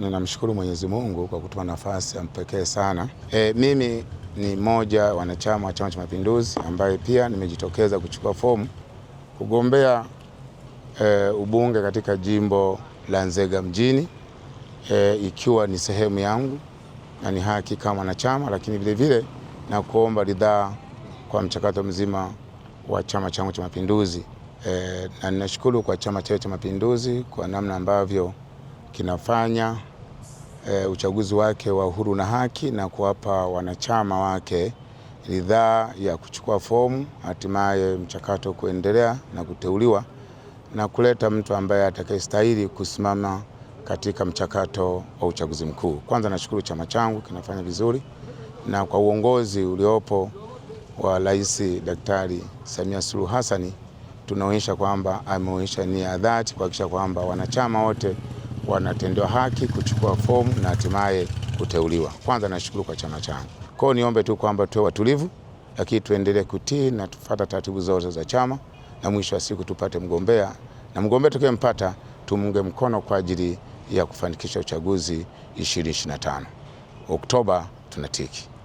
ninamshukuru Mwenyezi Mungu kwa kutupa nafasi ya mpekee sana. E, mimi ni mmoja wanachama wa Chama cha Mapinduzi ambaye pia nimejitokeza kuchukua fomu kugombea e, ubunge katika jimbo la Nzega mjini e, ikiwa ni sehemu yangu na ni haki kama mwanachama, lakini vilevile na kuomba ridhaa kwa mchakato mzima wa chama changu cha Mapinduzi. E, na ninashukuru kwa chama chetu cha Mapinduzi kwa namna ambavyo kinafanya e, uchaguzi wake wa uhuru na haki na kuwapa wanachama wake ridhaa ya kuchukua fomu, hatimaye mchakato kuendelea na kuteuliwa na kuleta mtu ambaye atakayestahili kusimama katika mchakato wa uchaguzi mkuu. Kwanza nashukuru chama changu kinafanya vizuri na kwa uongozi uliopo wa Rais Daktari Samia Suluhu Hassani tunaonyesha kwamba ameonyesha nia ya dhati kuhakikisha kwamba wanachama wote wanatendewa haki kuchukua fomu na hatimaye kuteuliwa. Kwanza nashukuru kwa chama changu. Kwa hiyo niombe tu kwamba tuwe watulivu, lakini tuendelee kutii na tufata taratibu zote za chama, na mwisho wa siku tupate mgombea na mgombea tukiempata tumunge mkono kwa ajili ya kufanikisha uchaguzi 2025 Oktoba tunatiki.